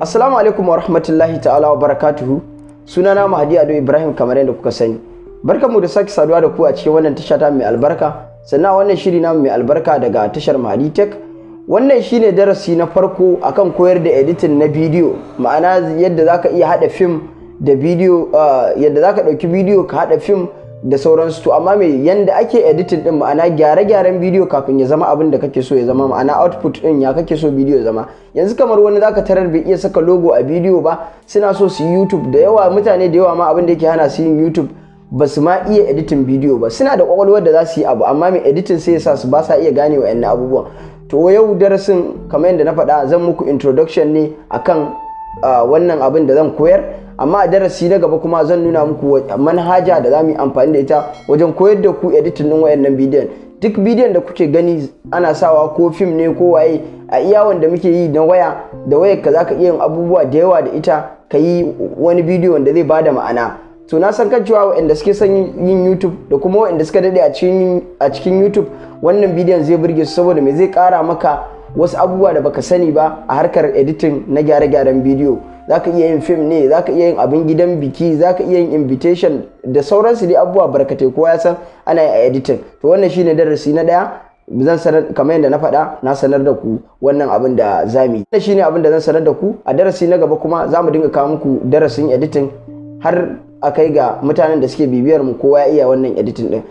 Assalamu alaikum wa rahmatullahi ta'ala wa barakatuhu. Sunana Mahadi Ado Ibrahim kamar yadda kuka sani. Barkanmu da sake saduwa da ku a cikin wannan tasha ta mai albarka. Sannan wannan shiri namu mai albarka daga tashar Mahadi Tech. Wannan shine darasi na farko akan koyar da editing na bidiyo, ma'ana yadda zaka iya hada fim da bidiyo, ah, yadda zaka dauki bidiyo ka hada fim da sauransu to amma mai yanda ake editin din ma'ana gyare-gyaren bidiyo kafin ya zama abin da kake so ya zama ma'ana output din ya kake so bidiyo ya zama yanzu kamar wani zaka tarar bai iya saka logo a bidiyo ba suna so su yi YouTube da yawa mutane da yawa ma abin da yake hana su yin YouTube ba su ma iya editin bidiyo ba suna da kwakwalwar da za su yi abu amma mai editin sai yasa su ba sa iya gane wayannan abubuwan to yau darasin kamar yadda na faɗa zan muku introduction ne akan ah, wannan abin da zan koyar amma a darasi na gaba kuma zan nuna muku manhaja da zamu yi amfani da ita wajen koyar da ku editing din wayannan bidiyon duk bidiyon da kuke gani ana sawa ko fim ne ko waye a iya wanda muke yi na waya da wayar ka zaka iya yin abubuwa da yawa da ita ka yi wani bidiyo wanda zai bada ma'ana to na san kan cewa waɗanda suke son yin YouTube da kuma waɗanda suka dade a cikin YouTube wannan bidiyon zai burge su saboda me zai kara maka wasu abubuwa da baka sani ba a harkar editing na gyare-gyaren bidiyo zaka iya yin fim ne zaka iya yin abin gidan biki zaka iya yin invitation da sauransu dai abubuwa barkatai kowa ya san ana yi a editing to wannan shine darasi na daya zan sanar kamar yadda na faɗa na sanar da ku wannan abin da zamu yi wannan shine abin da zan sanar da ku a darasi na gaba kuma zamu dinga kawo muku darasin editing har a kai ga mutanen da suke bibiyar mu kowa ya iya wannan editing din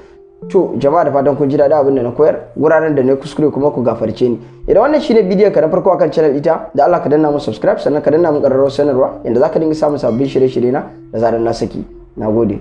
to jama'a da fatan kun ji daɗi abin da na koyar wuraren da na kuskure kuma ku gafarce ni idan wannan shine bidiyon ka na farko akan channel ita da Allah ka danna mu subscribe sannan ka danna mu ƙararrawar sanarwa inda zaka dinga samun sabbin shirye-shirye na da zarar na saki nagode